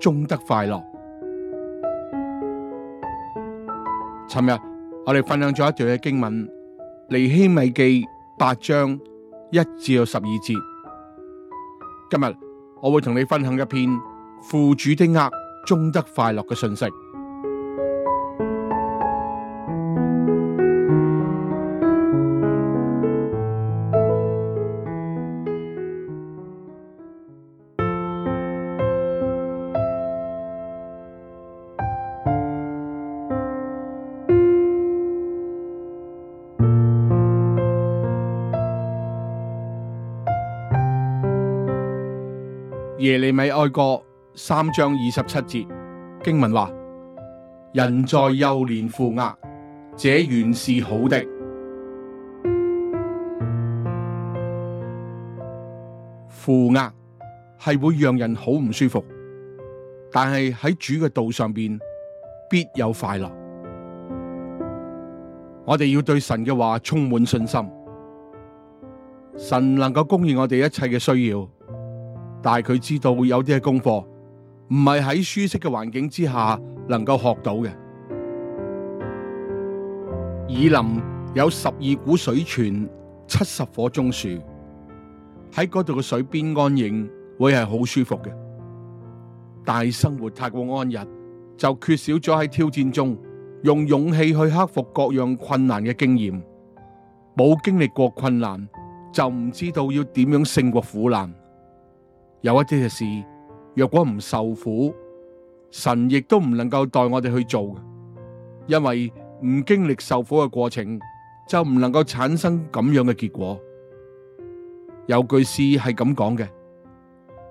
終得快樂。尋日我哋分享咗一段嘅經文《尼希米記》八章一至到十二節。今日我會同你分享一篇負主的軛終得快樂嘅信息。《米哀歌》三章二十七節經文話：人在幼年負軛，這原是好的。負軛係會讓人好唔舒服，但係喺主嘅道上邊必有快樂。我哋要對神嘅話充滿信心，神能夠供應我哋一切嘅需要。但係佢知道會有啲嘅功課，唔係喺舒適嘅環境之下能夠學到嘅。以琳有十二股水泉，七十棵棕樹喺嗰度嘅水邊安營，會係好舒服嘅。但係生活太過安逸，就缺少咗喺挑戰中用勇氣去克服各樣困難嘅經驗。冇經歷過困難，就唔知道要點樣勝過苦難。有一啲嘅事，若果唔受苦，神亦都唔能夠代我哋去做，因為唔經歷受苦嘅過程，就唔能夠產生咁樣嘅結果。有句詩係咁講嘅：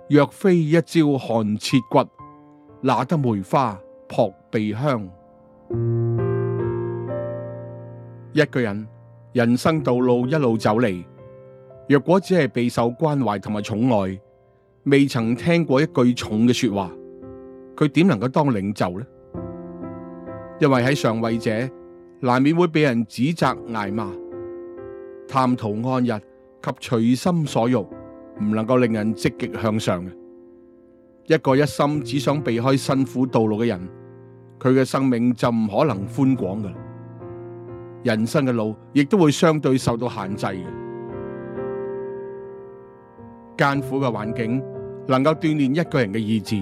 若非一朝寒徹骨，哪得梅花撲鼻香。一個人人生道路一路走嚟，若果只係備受關懷同埋寵愛。未曾聽過一句重嘅說話，佢點能夠當領袖咧？因為喺上位者難免會被人指責、挨罵、貪圖安逸及隨心所欲，唔能夠令人積極向上嘅。一個一心只想避開辛苦道路嘅人，佢嘅生命就唔可能寬廣嘅，人生嘅路亦都會相對受到限制嘅，艱苦嘅環境。能夠鍛煉一個人嘅意志。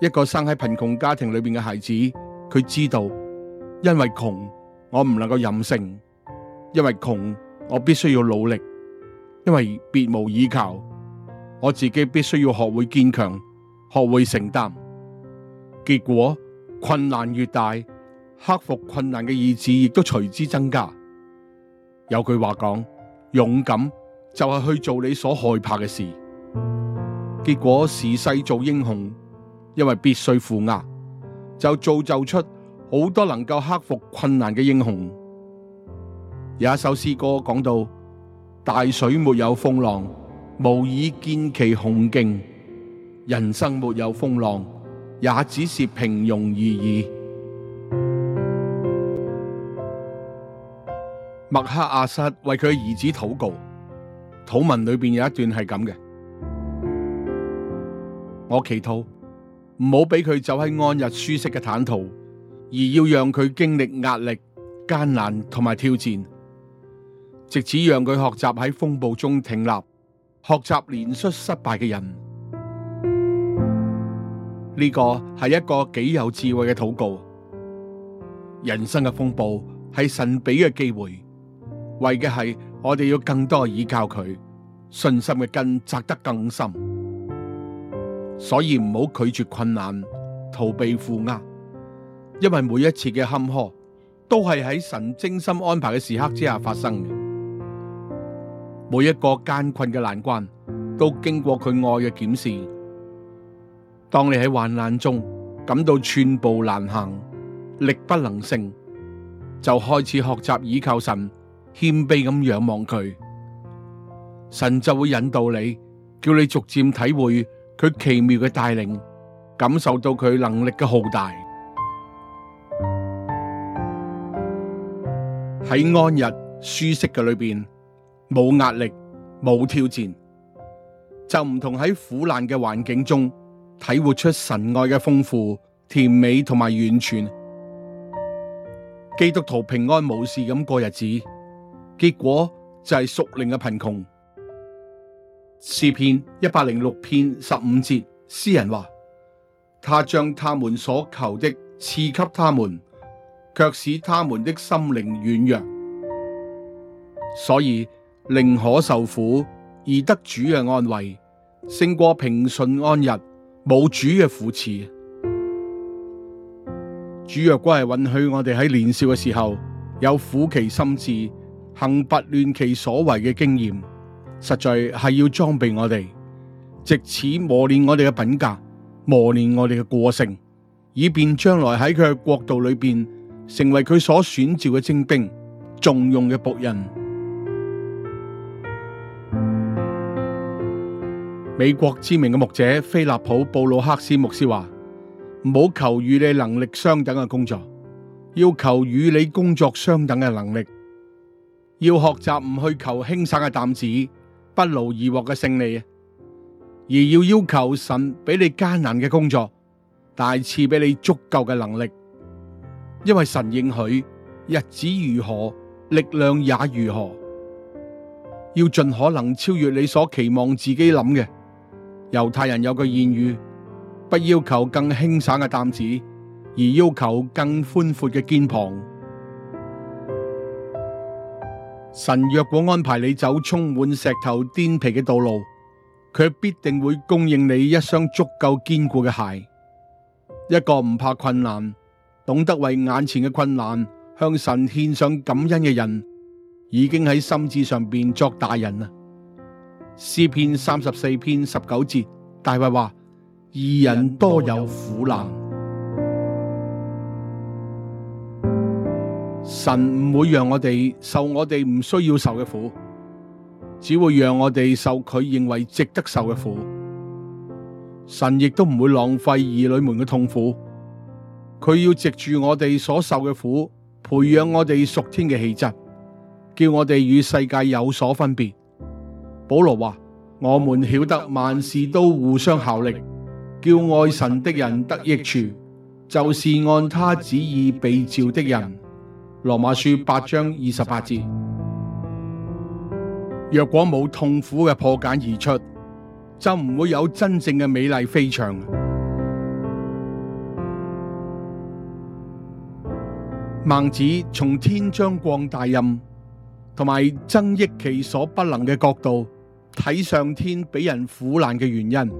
一個生喺貧窮家庭裏面嘅孩子，佢知道，因為窮，我唔能夠任性；因為窮，我必須要努力；因為別無倚靠，我自己必須要學會堅強，學會承擔。結果困難越大，克服困難嘅意志亦都隨之增加。有句話講：勇敢就係去做你所害怕嘅事。結果時勢做英雄，因為必須負壓，就造就出好多能夠克服困難嘅英雄。有一首詩歌講到：大水沒有風浪，無以見其雄勁；人生沒有風浪，也只是平庸而已。麥克阿瑟為佢兒子禱告，禱文裏面有一段係咁嘅。我祈禱唔好俾佢走喺安逸舒適嘅坦途，而要讓佢經歷壓力、艱難同埋挑戰，直至讓佢學習喺風暴中挺立，學習憐恤失敗嘅人。呢個係一個幾有智慧嘅禱告。人生嘅風暴係神俾嘅機會，為嘅係我哋要更多倚靠佢，信心嘅根扎得更深。所以唔好拒絕困難，逃避負軛，因為每一次嘅坎坷都係喺神精心安排嘅時刻之下發生嘅。每一個艱困嘅難關都經過佢愛嘅檢視。當你喺患難中感到寸步難行、力不能勝，就開始學習倚靠神，謙卑咁仰望佢，神就會引導你，叫你逐漸體會。佢奇妙嘅帶領，感受到佢能力嘅浩大。喺安逸舒適嘅裏邊，冇壓力冇挑戰，就唔同喺苦難嘅環境中體活出神愛嘅豐富甜美同埋完全。基督徒平安無事咁過日子，結果就係屬靈嘅貧窮。詩篇一百零六篇十五節，詩人話：他將他們所求的賜給他們，卻使他們的心靈軟弱。所以寧可受苦而得主嘅安慰，勝過平順安逸冇主嘅扶持。主若果係允許我哋喺年少嘅時候有苦其心志、行拂亂其所為嘅經驗。實在係要裝備我哋，借此磨練我哋嘅品格，磨練我哋嘅個性，以便將來喺佢嘅國度裏邊，成為佢所選召嘅精兵，重用嘅僕人。美國知名嘅牧者菲立普布魯克斯牧師話：唔好求與你能力相等嘅工作，要求與你工作相等嘅能力，要學習唔去求輕省嘅擔子。不勞而獲嘅勝利，而要要求神俾你艱難嘅工作，但賜俾你足夠嘅能力，因為神應許日子如何，力量也如何，要盡可能超越你所期望自己諗嘅。猶太人有個諺語，不要求更輕省嘅擔子，而要求更寬闊嘅肩膀。神若果安排你走充滿石頭、顛皮嘅道路，佢必定會供應你一雙足夠堅固嘅鞋。一個唔怕困難、懂得為眼前嘅困難向神獻上感恩嘅人，已經喺心智上變作大人啦。詩篇三十四篇十九節，大衛話：二人多有苦難。神唔會讓我哋受我哋唔需要受嘅苦，只會讓我哋受佢認為值得受嘅苦。神亦都唔會浪費兒女們嘅痛苦，佢要藉住我哋所受嘅苦，培養我哋屬天嘅氣質，叫我哋與世界有所分別。保羅話：「我們曉得萬事都互相效力，叫愛神的人得益處，就是按他旨意被召的人。」羅馬書八章二十八節：若果冇痛苦嘅破繭而出，就唔會有真正嘅美麗飛翔。孟子從天將降大任同埋增益其所不能嘅角度睇上天俾人苦難嘅原因，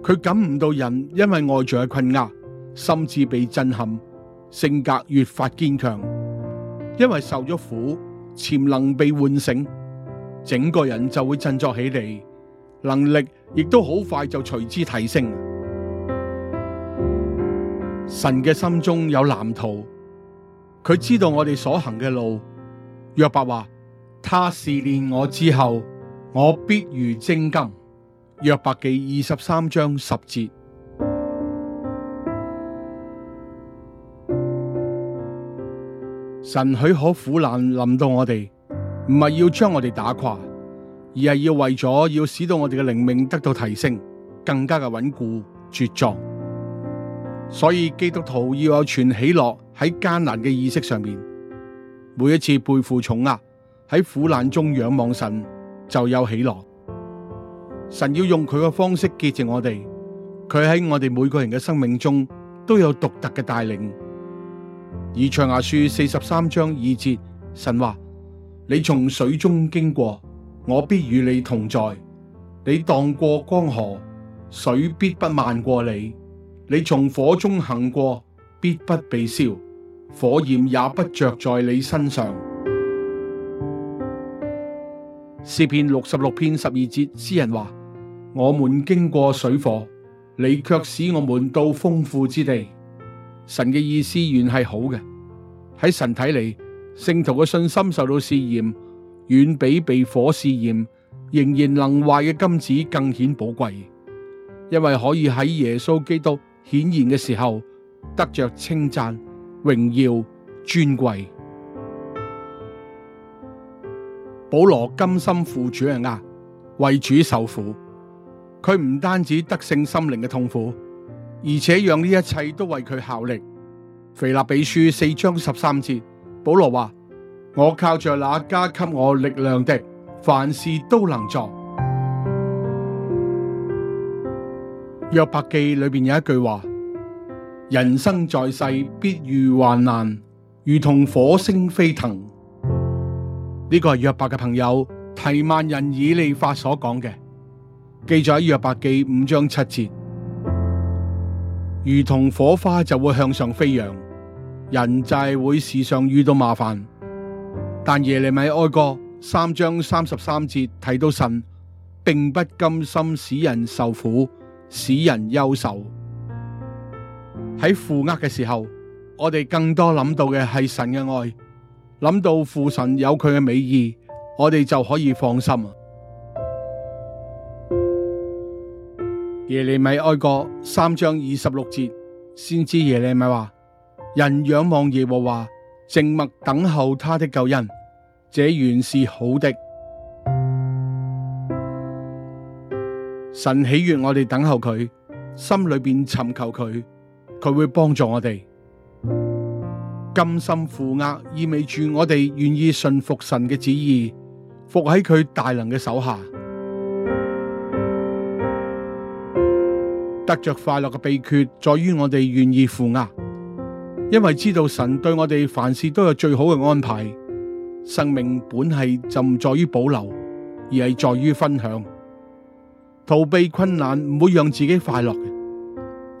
佢感悟到人因為外在嘅困壓，甚至被震撼，性格越發堅強。因為受咗苦，潛能被喚醒，整個人就會振作起嚟，能力亦都好快就隨之提升。神嘅心中有藍圖，佢知道我哋所行嘅路。約伯話：他試煉我之後，我必如精金。約伯記二十三章十節。神許可苦難臨到我哋，唔係要將我哋打垮，而係要為咗要使到我哋嘅靈命得到提升，更加嘅穩固、茁壯。所以基督徒要有全喜樂喺艱難嘅意識上面，每一次背負重壓，喺苦難中仰望神，就有喜樂。神要用佢嘅方式潔淨我哋，佢喺我哋每個人嘅生命中都有獨特嘅帶領。以賽亞書四十三章二節，神話：你從水中經過，我必與你同在；你當過江河，水必不漫過你；你從火中行過，必不被燒，火焰也不着在你身上。詩篇六十六篇十二節，詩人話：我們經過水火，你卻使我們到豐富之地。神嘅意思原係好嘅，喺神睇嚟，聖徒嘅信心受到試驗，遠比被火試驗仍然能壞嘅金子更顯寶貴，因為可以喺耶穌基督顯現嘅時候得着稱讚、榮耀、尊貴。保羅甘心負主嘅軛、啊，為主受苦，佢唔單止得勝心靈嘅痛苦。而且讓呢一切都為佢效力。腓立比書四章十三節，保羅話：我靠着那加給我力量的，凡事都能做。」約伯記裏面有一句話：人生在世必遇患難，如同火星飛騰。呢個係約伯嘅朋友提曼人以利法所講嘅，記載喺約伯記五章七節。如同火花就會向上飛揚，人就會時常遇到麻煩，但耶利米哀歌三章三十三節提到神並不甘心使人受苦，使人憂愁。喺負軛嘅時候，我哋更多諗到嘅係神嘅愛，諗到父神有佢嘅美意，我哋就可以放心。耶利米哀歌三章二十六節，先知耶利米話：人仰望耶和華，靜默等候他的救恩，這原是好的。神喜悅我哋等候佢，心裏邊尋求佢，佢會幫助我哋。甘心負軛，意味住我哋願意信服神嘅旨意，伏喺佢大能嘅手下。得着快樂嘅秘訣，在於我哋願意負軛，因為知道神對我哋凡事都有最好嘅安排。生命本係就唔在於保留，而係在於分享。逃避困難唔會讓自己快樂嘅，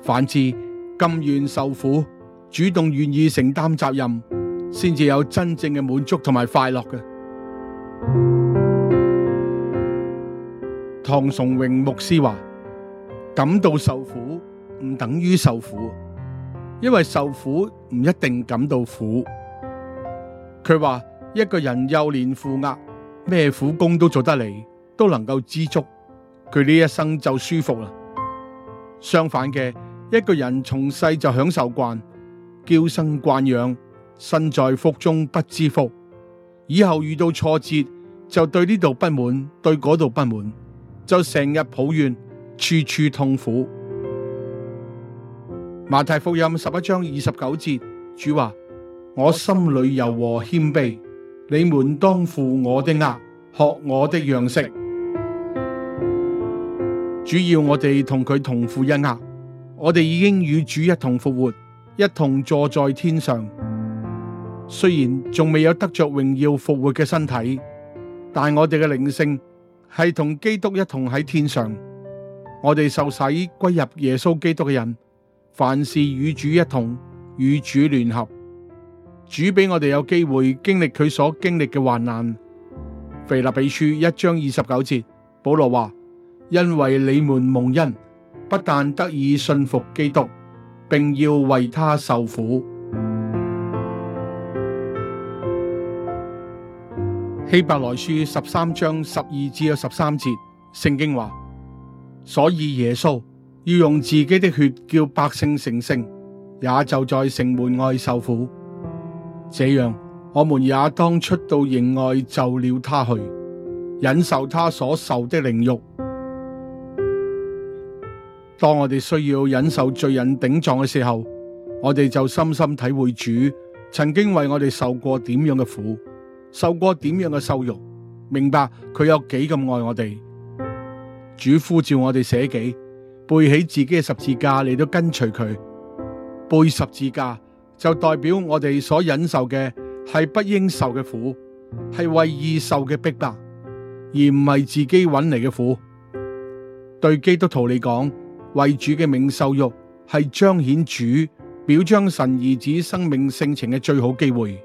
反之甘願受苦，主動願意承擔責任，先至有真正嘅滿足同埋快樂嘅。唐崇榮牧師話。感到受苦唔等於受苦，因為受苦唔一定感到苦。佢話一個人幼年負軛，咩苦工都做得嚟，都能夠知足，佢呢一生就舒服啦。相反嘅，一個人從細就享受慣，嬌生慣養，身在福中不知福，以後遇到挫折就對呢度不滿，對嗰度不滿，就成日抱怨。處處痛苦。馬太福音十一章二十九節，主話：我心裏柔和謙卑，你們當負我的軛，學我的樣式。主要我哋同佢同負一軛。我哋已經與主一同復活，一同坐在天上。雖然仲未有得着榮耀復活嘅身體，但我哋嘅靈性係同基督一同喺天上。我哋受洗歸入耶穌基督嘅人，凡事與主一同，與主聯合。主俾我哋有機會經歷佢所經歷嘅患難。腓立比書一章二十九節，保羅話：因為你們蒙恩，不但得以信服基督，並要為他受苦。希伯來書十三章十二至十三節，聖經話。所以耶穌要用自己的血叫百姓成聖，也就在城門外受苦。這樣，我們也當出到營外，就了他去，忍受他所受的凌辱。當我哋需要忍受罪人頂撞嘅時候，我哋就深深體會主曾經為我哋受過點樣嘅苦，受過點樣嘅羞辱，明白佢有幾咁愛我哋。主呼召我哋捨己，背起自己嘅十字架嚟到跟隨佢。背十字架就代表我哋所忍受嘅，係不應受嘅苦，係為義受嘅逼迫，而唔係自己揾嚟嘅苦。對基督徒嚟講，為主嘅名受辱係彰顯主，表彰神兒子生命性情嘅最好機會。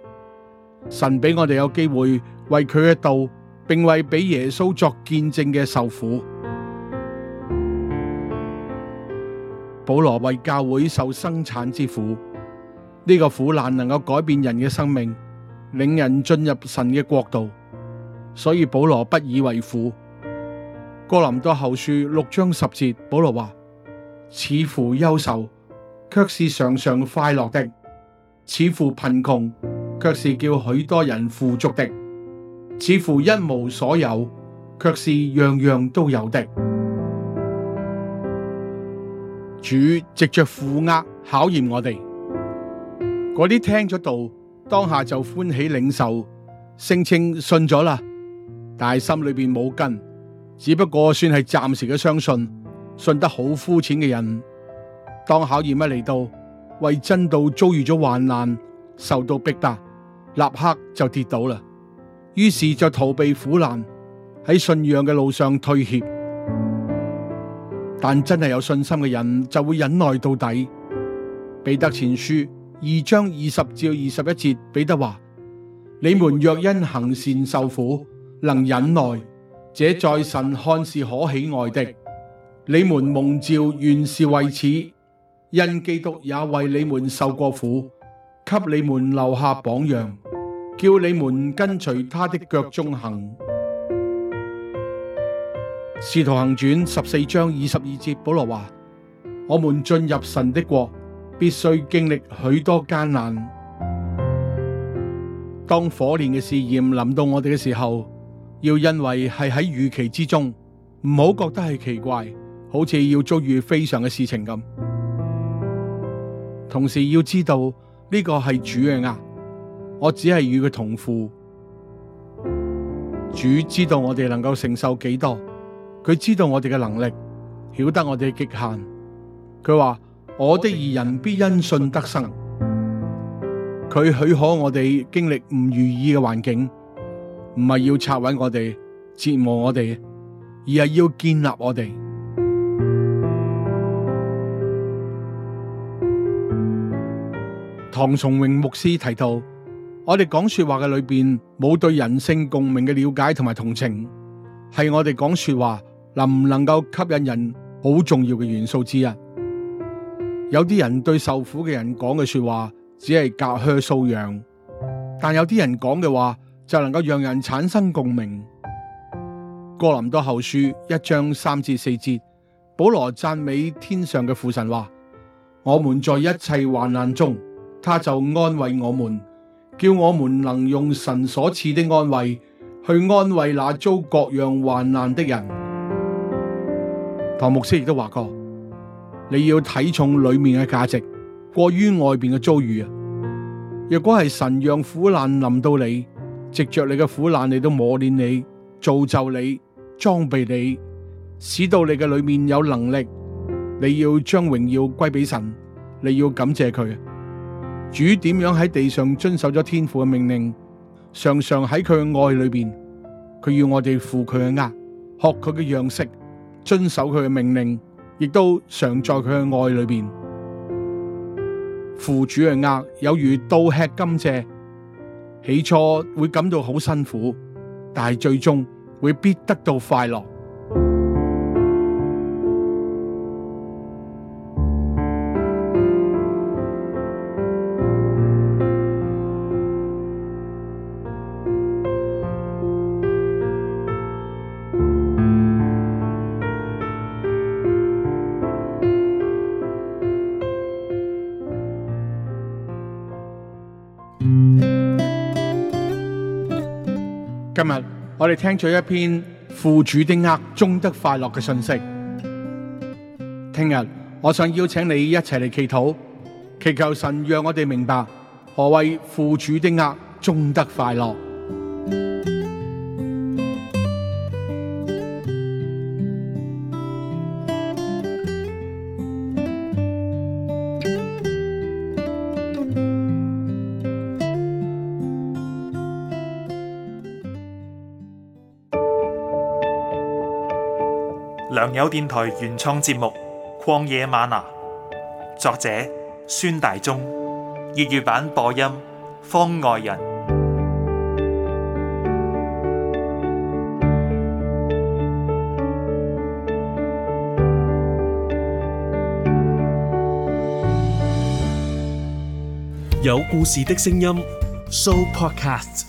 神俾我哋有機會為佢嘅道並為俾耶穌作見證嘅受苦。保羅為教會受生產之苦，呢、這個苦難能夠改變人嘅生命，令人進入神嘅國度，所以保羅不以為苦。哥林多後書六章十節，保羅話：「似乎憂愁，卻是常常快樂的；似乎貧窮，卻是叫許多人富足的；似乎一無所有，卻是樣樣都有的。主藉着苦壓考驗我哋，嗰啲聽咗道當下就歡喜領受，聲稱信咗啦，但係心裏邊冇根，只不過算係暫時嘅相信，信得好膚淺嘅人，當考驗一嚟到，為真道遭遇咗患難，受到逼迫，立刻就跌倒啦，於是就逃避苦難，喺信仰嘅路上退怯。但真係有信心嘅人就會忍耐到底。彼得前書二章二十至二十一節，彼得話：你們若因行善受苦，能忍耐，這在神看是可喜愛的。你們蒙召原是為此，因基督也為你們受過苦，給你們留下榜樣，叫你們跟隨他的腳蹤行。使徒行傳十四章二十二節，保羅話：我們進入神的國，必須經歷許多艱難。當火煉嘅試驗臨到我哋嘅時候，要因為係喺預期之中，唔好覺得係奇怪，好似要遭遇非常嘅事情咁。同時要知道呢、這個係主嘅軛，我只係與佢同負。主知道我哋能夠承受幾多。佢知道我哋嘅能力，曉得我哋嘅極限。佢話：我的義人必因信得生。佢許可我哋經歷唔如意嘅環境，唔係要拆毀我哋、折磨我哋，而係要建立我哋。唐崇榮牧師提到，我哋講說話嘅裏邊冇對人性共鳴嘅了解同埋同情，係我哋講說話。能唔能夠吸引人好重要嘅元素之一。有啲人對受苦嘅人講嘅說的話只係隔靴搔癢，但有啲人講嘅話就能夠讓人產生共鳴。哥林多後書一章三至四節，保羅讚美天上嘅父神話：我們在一切患難中，他就安慰我們，叫我們能用神所賜的安慰去安慰那遭各樣患難的人。唐牧師亦都話過，你要睇重裏面嘅價值，過於外邊嘅遭遇啊！若果係神讓苦難臨到你，藉着你嘅苦難，你都磨練你、造就你、裝備你，使到你嘅裏面有能力，你要將榮耀歸俾神，你要感謝佢。主點樣喺地上遵守咗天父嘅命令，常常喺佢嘅愛裏邊，佢要我哋負佢嘅軛，學佢嘅樣式。遵守佢嘅命令，亦都常在佢嘅愛裏邊，負主嘅軛，有如倒吃甘蔗，起初會感到好辛苦，但係最終會必得到快樂。今日我哋聽了一篇負主的軛終得快樂嘅信息。聽日我想邀請你一齊嚟祈禱，祈求神讓我哋明白何謂負主的軛終得快樂。良友電台原創節目《曠野嗎哪》，作者孫大中，粵語版播音方外人。有故事的聲音，Show Podcast。